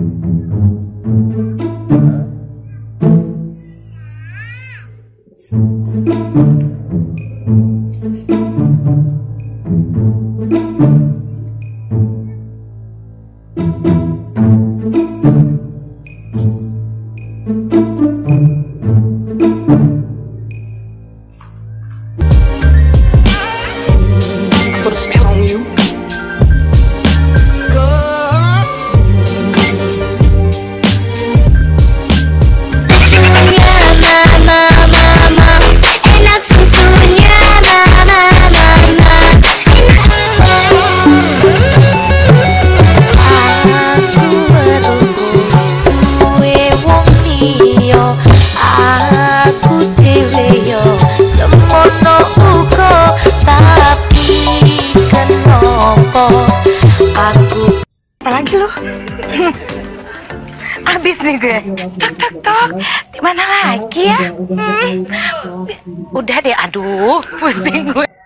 put a smell on you. lagi lu Abis nih gue Tok tok tok mana lagi ya hmm. Udah deh aduh Pusing gue